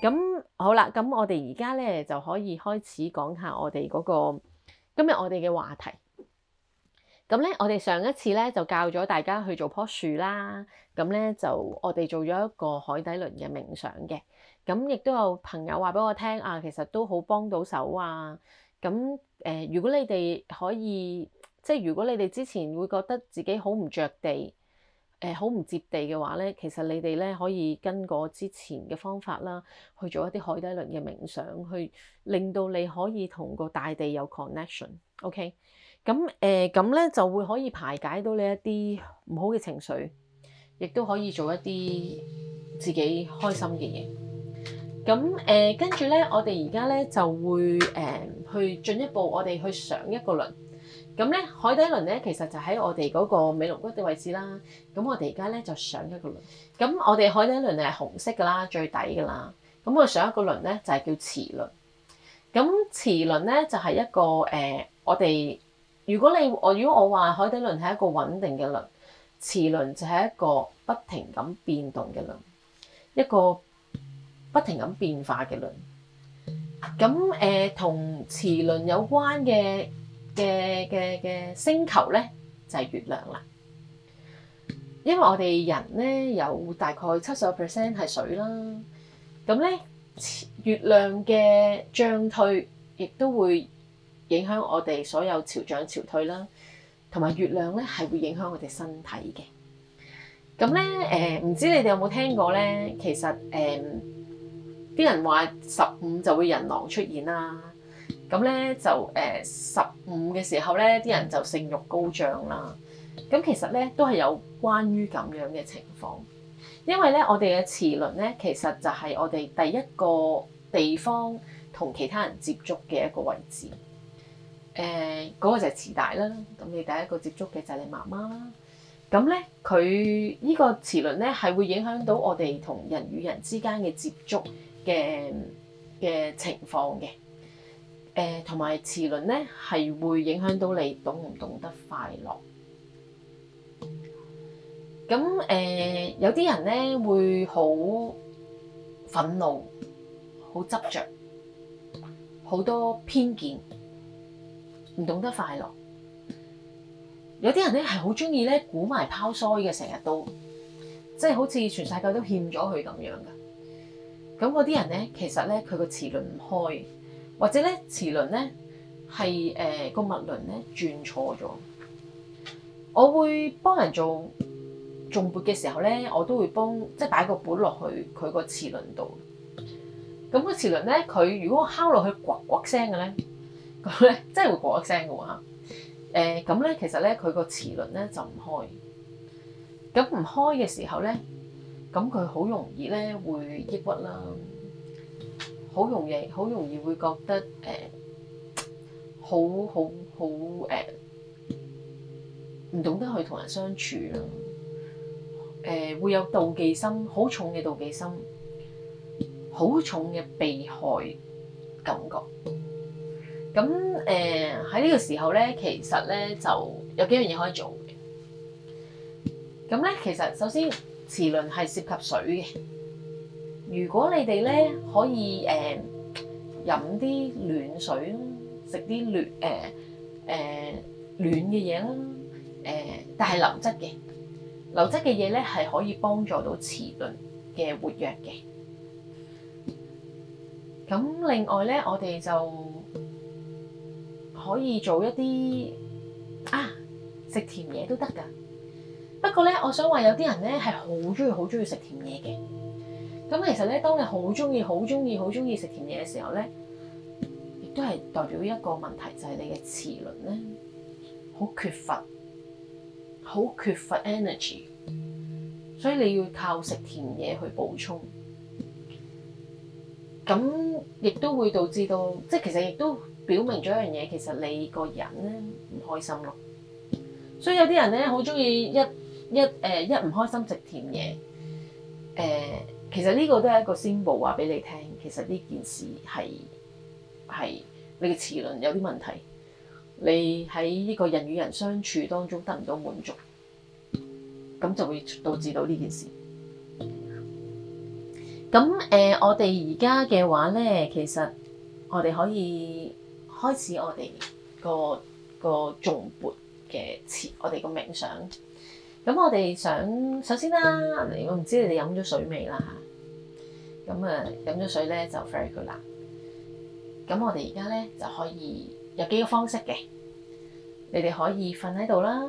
咁好啦，咁我哋而家咧就可以開始講下我哋嗰個今日我哋嘅話題。咁咧，我哋上一次咧就教咗大家去做棵樹啦。咁咧就我哋做咗一個海底輪嘅冥想嘅。咁亦都有朋友話俾我聽啊，其實都好幫到手啊。咁誒、呃，如果你哋可以，即係如果你哋之前會覺得自己好唔着地。誒好唔接地嘅話咧，其實你哋咧可以跟過之前嘅方法啦，去做一啲海底輪嘅冥想，去令到你可以同個大地有 connection，OK？、Okay？咁誒咁、呃、咧就會可以排解到你一啲唔好嘅情緒，亦都可以做一啲自己開心嘅嘢。咁誒跟住咧，我哋而家咧就會誒、呃、去進一步，我哋去上一個輪。咁咧，海底輪咧，其實就喺我哋嗰個尾龍骨嘅位置啦。咁我哋而家咧就上一個輪。咁我哋海底輪係紅色㗎啦，最底㗎啦。咁我上一個輪咧就係、是、叫臍輪。咁臍輪咧就係、是、一個誒、呃，我哋如果你我如果我話海底輪係一個穩定嘅輪，臍輪就係一個不停咁變動嘅輪，一個不停咁變化嘅輪。咁誒，同、呃、臍輪有關嘅。嘅嘅嘅星球咧就係、是、月亮啦，因為我哋人咧有大概七十個 percent 係水啦，咁咧月亮嘅漲退亦都會影響我哋所有潮漲潮退啦，同埋月亮咧係會影響我哋身體嘅。咁咧誒，唔、呃、知你哋有冇聽過咧？其實誒，啲、呃、人話十五就會人狼出現啦。咁咧就誒十五嘅時候咧，啲人就性慾高漲啦。咁其實咧都係有關於咁樣嘅情況，因為咧我哋嘅臍輪咧，其實就係我哋第一個地方同其他人接觸嘅一個位置。誒、呃，嗰、那個就係臍帶啦。咁你第一個接觸嘅就係你媽媽啦。咁咧佢呢個臍輪咧係會影響到我哋同人與人之間嘅接觸嘅嘅情況嘅。誒同埋臍輪咧，係會影響到你懂唔懂得快樂。咁誒、呃，有啲人咧會好憤怒、好執着，好多偏見，唔懂得快樂。有啲人咧係好中意咧，估埋拋腮嘅，成日都即係好似全世界都欠咗佢咁樣嘅。咁嗰啲人咧，其實咧佢個臍輪唔開。或者咧臍輪咧係誒個脈輪咧轉錯咗。我會幫人做頌缽嘅時候咧，我都會幫即係擺個缽落去佢個臍輪度。咁個臍輪咧，佢如果敲落去，刮刮聲嘅咧，咁咧真係會刮聲嘅喎嚇。誒咁咧，其實咧佢個臍輪咧就唔開。咁唔開嘅時候咧，咁佢好容易咧會抑鬱啦。好容易，好容易會覺得誒、呃，好好好誒，唔、呃、懂得去同人相處咯。誒、呃，會有妒忌心，好重嘅妒忌心，好重嘅被害感覺。咁誒，喺、呃、呢個時候咧，其實咧就有幾樣嘢可以做嘅。咁咧，其實首先，臍輪係涉及水嘅。如果你哋咧可以誒，飲啲暖水，食啲暖誒誒、呃呃、暖嘅嘢啦，誒、呃、但係流質嘅流質嘅嘢咧係可以幫助到臍輪嘅活躍嘅。咁另外咧，我哋就可以做一啲啊，食甜嘢都得㗎。不過咧，我想話有啲人咧係好中意、好中意食甜嘢嘅。咁其實咧，當你好中意、好中意、好中意食甜嘢嘅時候咧，亦都係代表一個問題，就係、是、你嘅臍輪咧，好缺乏，好缺乏 energy，所以你要靠食甜嘢去補充。咁亦都會導致到，即係其實亦都表明咗一樣嘢，其實你個人咧唔開心咯。所以有啲人咧，好中意一一誒一唔、呃、開心食甜嘢，誒、呃。其實呢個都係一個宣佈話俾你聽，其實呢件事係係你嘅臍輪有啲問題，你喺呢個人與人相處當中得唔到滿足，咁就會導致到呢件事。咁誒、呃，我哋而家嘅話咧，其實我哋可以開始我哋個個頌缽嘅前，我哋個冥想。咁我哋想首先啦，我唔知你哋飲咗水未啦。咁啊，飲咗水咧就 very good 啦。咁我哋而家咧就可以有幾個方式嘅，你哋可以瞓喺度啦。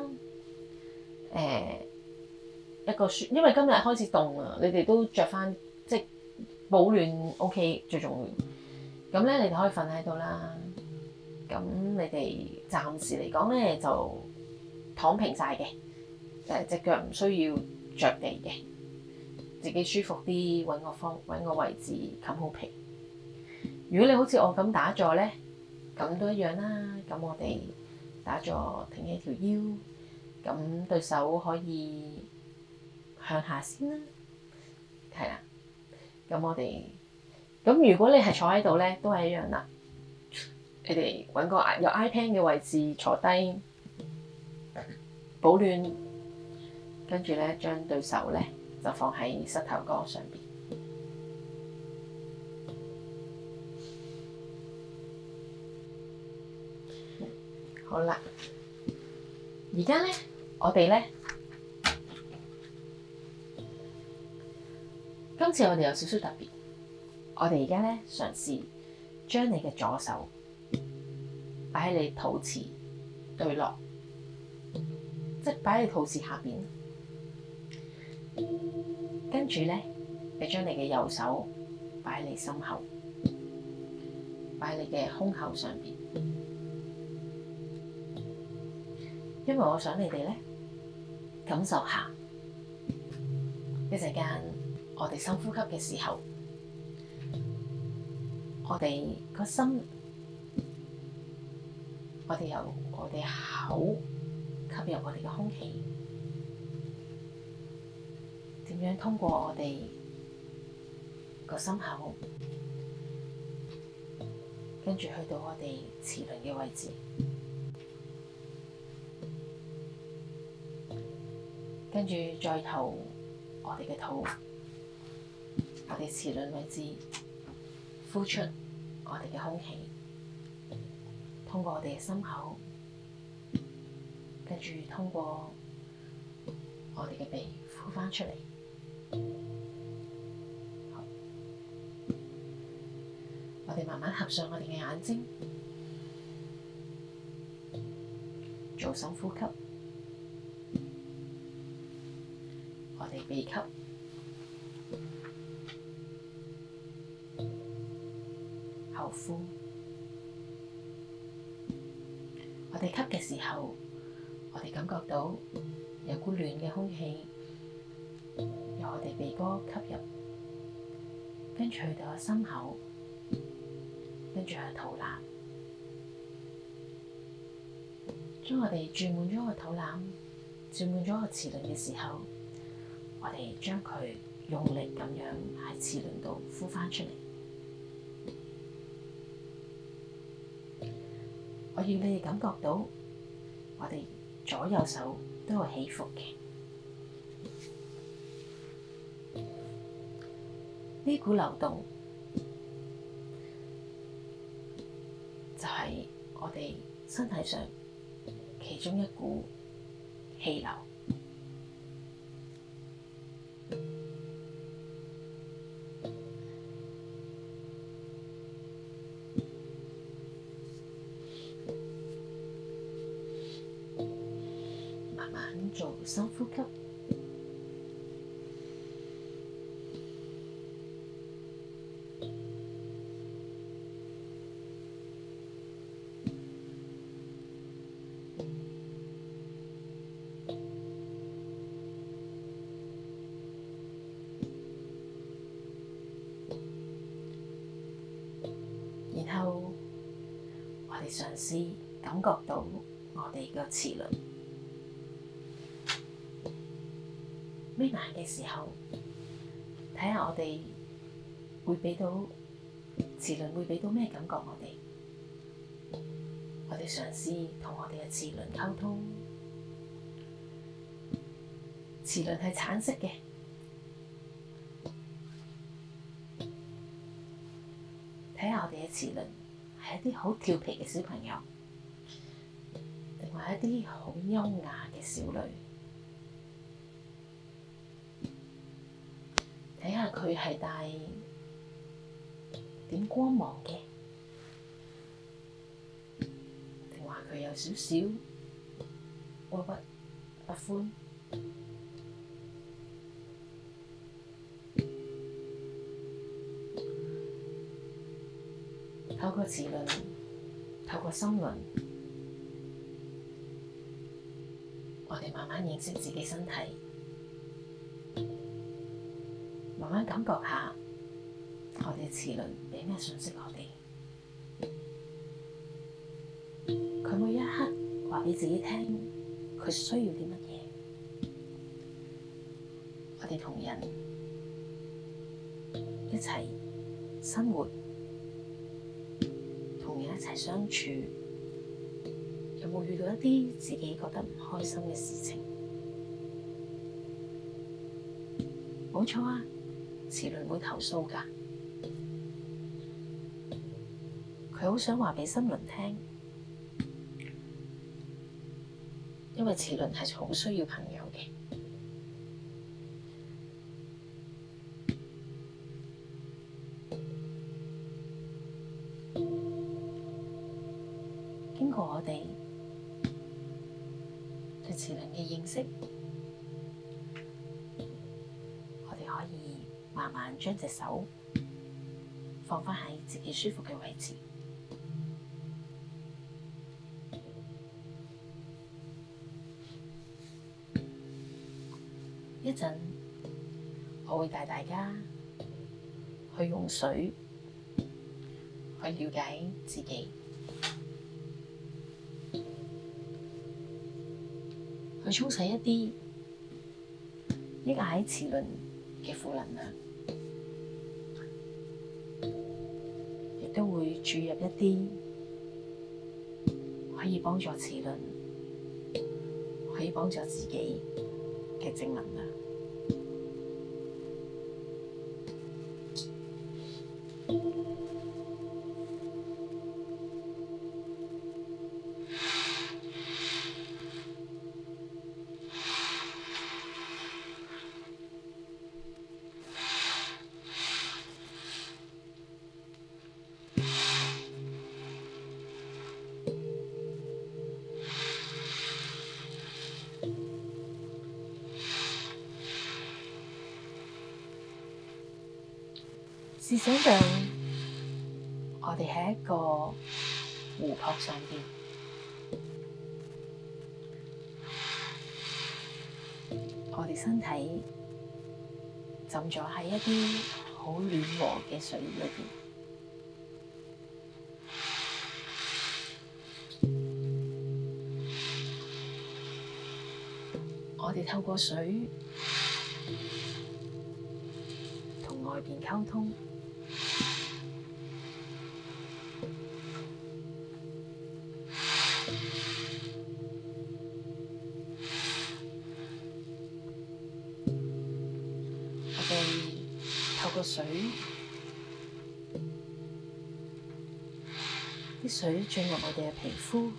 誒、呃，一個雪，因為今日開始凍啊，你哋都着翻即係保暖 OK 最重要。咁咧，你哋可以瞓喺度啦。咁你哋暫時嚟講咧就躺平晒嘅，誒、就、隻、是、腳唔需要着地嘅。自己舒服啲，揾個方揾個位置，冚好被。如果你好似我咁打坐咧，咁都一樣啦。咁我哋打坐挺起條腰，咁對手可以向下先啦。係啦，咁我哋咁如果你係坐喺度咧，都係一樣啦。你哋揾個有 iPad 嘅位置坐低，保暖，跟住咧將對手咧。就放喺膝頭哥上邊。好啦，而家咧，我哋咧，今次我哋有少少特別我，我哋而家咧，嘗試將你嘅左手擺喺你肚臍對落，即係擺喺你肚臍下邊。跟住咧，你將你嘅右手擺你心口，擺你嘅胸口上邊。因為我想你哋咧感受下，一陣間我哋深呼吸嘅時候，我哋個心，我哋由我哋口吸入我哋嘅空氣。咁樣通過我哋個心口，跟住去到我哋臍輪嘅位置，跟住再由我哋嘅肚、我哋臍輪位置呼出我哋嘅空氣，通過我哋嘅心口，跟住通過我哋嘅鼻呼返出嚟。我哋慢慢合上我哋嘅眼睛，做深呼吸。我哋鼻吸，口呼。我哋吸嘅時候，我哋感覺到有股暖嘅空氣。我哋鼻哥吸入，跟住去到個心口，跟住去將肚腩。將我哋注滿咗個肚腩，注滿咗個臍輪嘅時候，我哋將佢用力咁樣喺臍輪度呼翻出嚟。我要你哋感覺到，我哋左右手都有起伏嘅。呢股流動就係我哋身體上其中一股氣流，慢慢做深呼吸。感覺到我哋嘅臍輪眯埋嘅時候，睇下我哋會畀到臍輪會畀到咩感覺我？我哋我哋嘗試同我哋嘅臍輪溝通，臍輪係橙色嘅。睇下我哋嘅臍輪係一啲好調皮嘅小朋友。係一啲好優雅嘅少女，睇下佢係帶點光芒嘅，定話佢有少少嗰個不歡。透過臍輪，透過心輪。認識自己身體，慢慢感覺下我哋臍輪俾咩信息我哋？佢每一刻話畀自己聽，佢需要啲乜嘢？我哋同人一齊生活，同人一齊相處，會遇到一啲自己覺得唔開心嘅事情，冇錯啊！臍輪會投訴噶，佢好想話俾心輪聽，因為臍輪係好需要朋友。持能嘅認識，我哋可以慢慢將隻手放返喺自己舒服嘅位置。一陣，我會帶大家去用水去了解自己。會沖洗一啲呢，這個係臍輪嘅負能量，亦都會注入一啲可以幫助臍輪，可以幫助自己嘅正能量。試想像，我哋喺一個湖泊上邊，我哋身體浸咗喺一啲好暖和嘅水裏邊，我哋透過水同外邊溝通。水注入我哋嘅皮膚。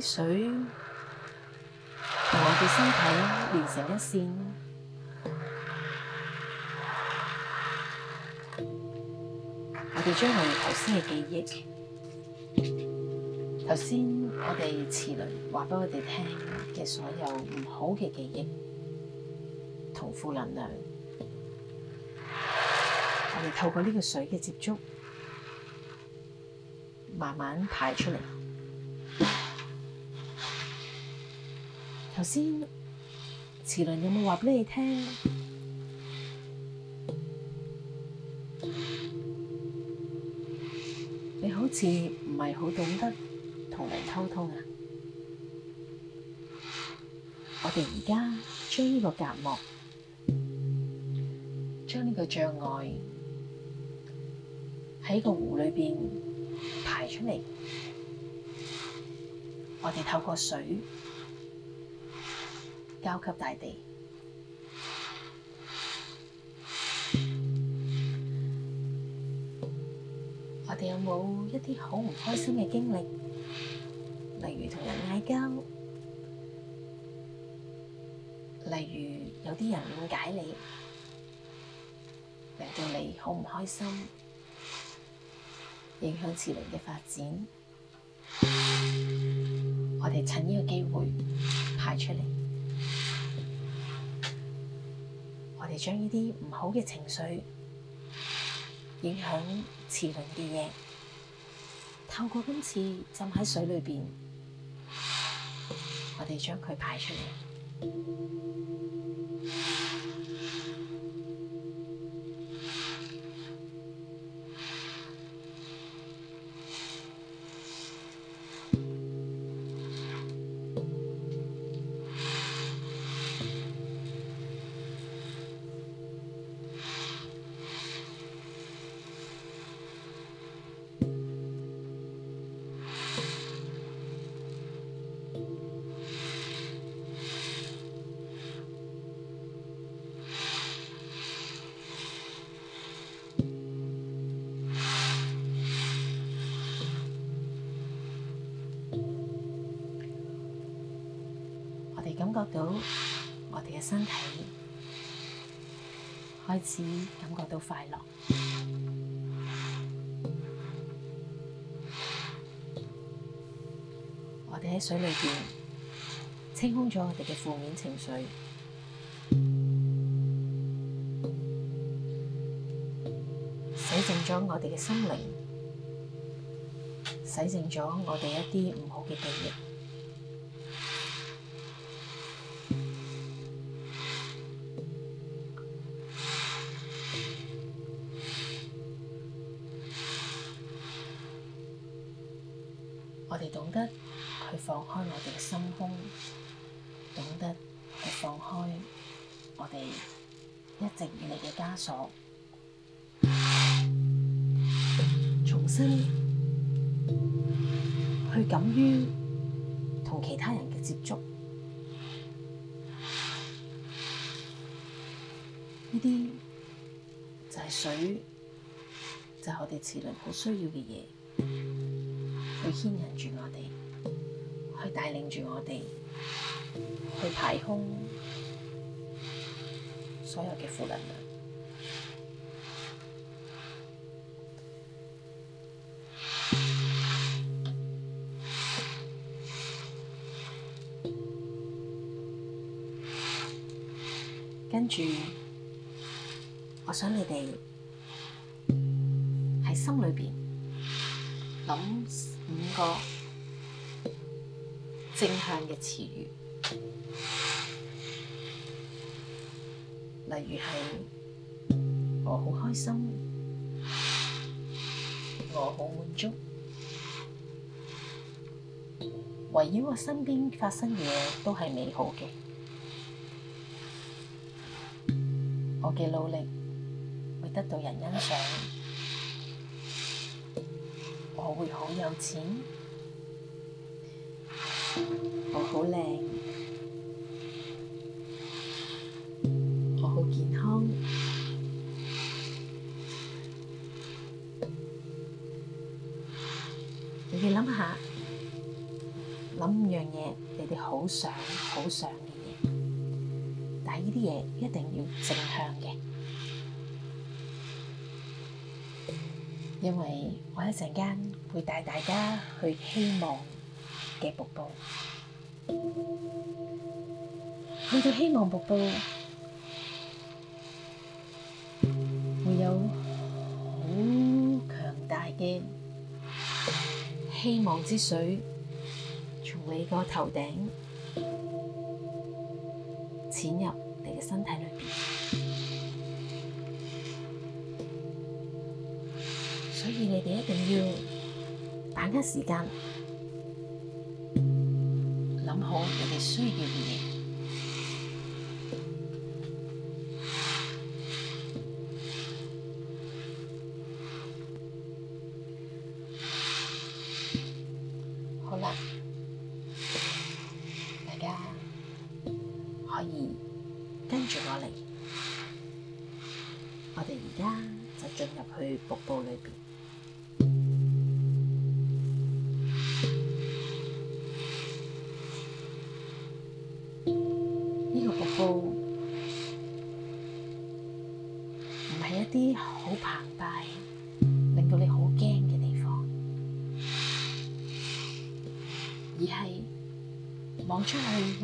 水同我哋身體連成一線，我哋將我哋頭先嘅記憶，頭先我哋臍輪話畀我哋聽嘅所有唔好嘅記憶同負能量，我哋透過呢個水嘅接觸，慢慢排出嚟。頭先，臍輪有冇話畀你聽？你好似唔係好懂得同人溝通啊！我哋而家將呢個隔膜，將呢個障礙喺個湖裏邊排出嚟，我哋透過水。交給大地。我哋有冇一啲好唔開心嘅經歷？例如同人嗌交，例如有啲人誤解你，令到你好唔開心，影響潛能嘅發展。我哋趁呢個機會排出嚟。我哋將呢啲唔好嘅情緒影響臍輪嘅嘢，透過今次浸喺水裏邊，我哋將佢排出嚟。到我哋嘅身體開始感覺到快樂，我哋喺水裏邊清空咗我哋嘅負面情緒，洗淨咗我哋嘅心靈，洗淨咗我哋一啲唔好嘅記憶。我哋懂得去放開我哋嘅心胸，懂得去放開我哋一直以嚟嘅枷鎖，重新去敢於同其他人嘅接觸，呢啲就係水，就係、是、我哋臍輪好需要嘅嘢。去牽引住我哋，去帶領住我哋，去排空所有嘅負能量。跟住，我想你哋喺心裏邊諗。五個正向嘅詞語，例如係我好開心，我好滿足，圍繞我身邊發生嘅嘢都係美好嘅。我嘅努力會得到人欣賞。我會好有錢，我好靚，我好健康。你哋諗下，諗一樣嘢，你哋好想、好想嘅嘢。但係呢啲嘢一定要正向嘅，因為。我一陣間會帶大家去希望嘅瀑布，去到希望瀑布會有好強大嘅希望之水，從你個頭頂潛入你嘅身體。要把握時間，諗好你哋需要嘅嘢。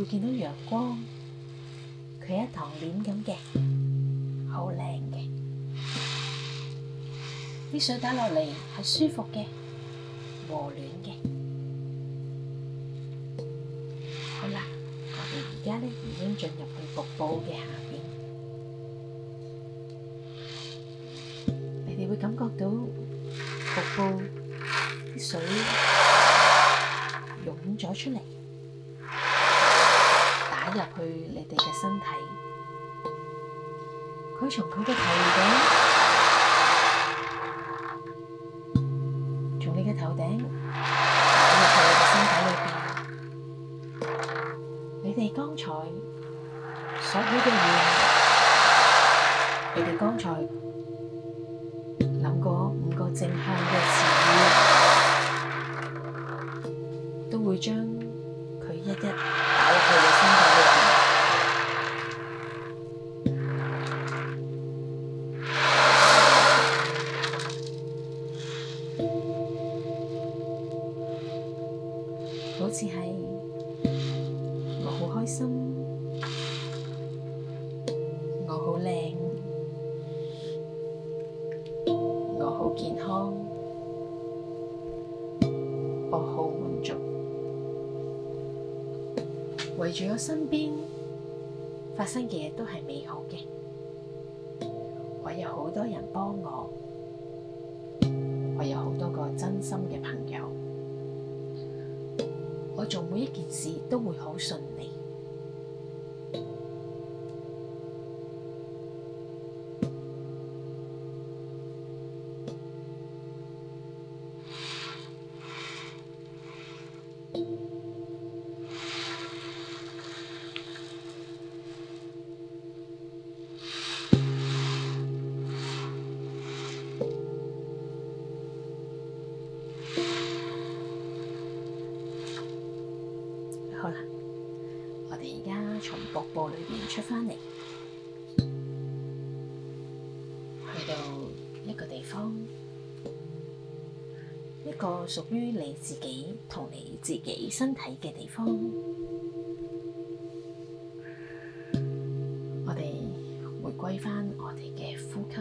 見到陽光，佢一堂簾咁嘅，好靚嘅。啲水打落嚟係舒服嘅，和暖嘅。好啦，我哋而家呢已經進入去瀑布嘅下邊，你哋會感覺到瀑布啲水湧咗出嚟。入去你哋嘅身體，佢從佢嘅頭頂，從你嘅頭頂打入去你嘅身體裏邊，你哋剛才所許嘅願，你哋剛才諗過五個正向嘅詞語，都會將。我做每一件事都會好順利。自己同你自己身體嘅地方，我哋回歸返我哋嘅呼吸，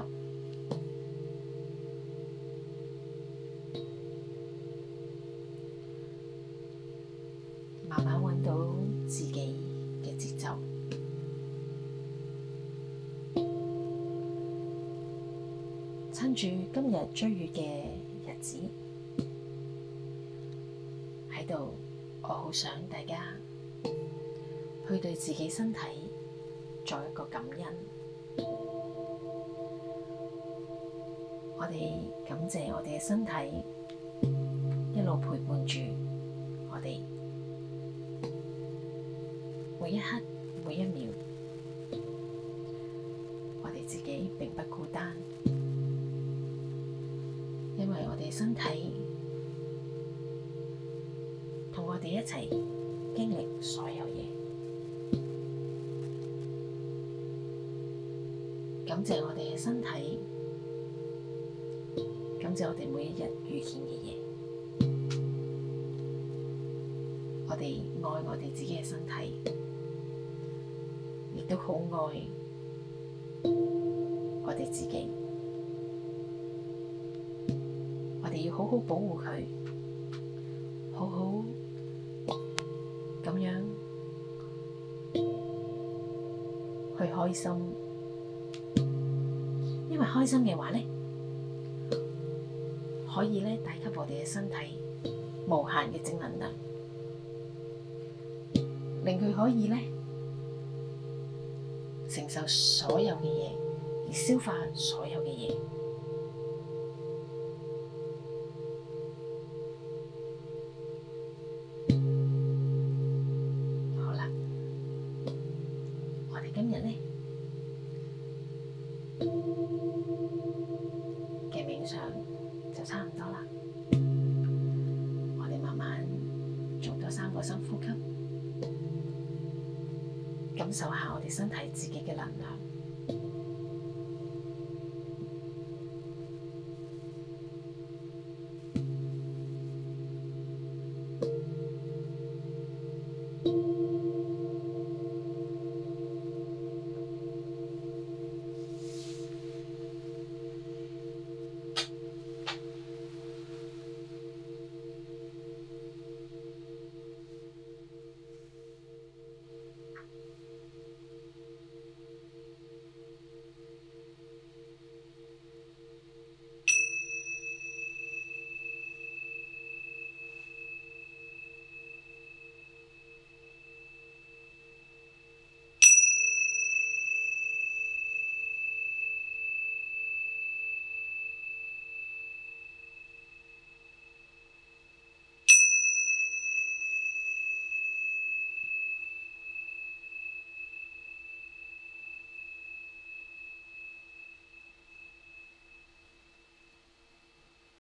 慢慢揾到自己嘅節奏，趁住今日追月嘅日子。好想大家去對自己身體做一個感恩，我哋感謝我哋嘅身體一路陪伴住我哋每一刻每一秒，我哋自己並不孤單，因為我哋身體。我哋一齊經歷所有嘢，感謝我哋嘅身體，感謝我哋每一日遇見嘅嘢，我哋愛我哋自己嘅身體，亦都好愛我哋自己，我哋要好好保護佢。開心，因為開心嘅話呢，可以呢帶給我哋嘅身體無限嘅正能量，令佢可以呢承受所有嘅嘢，而消化所有嘅嘢。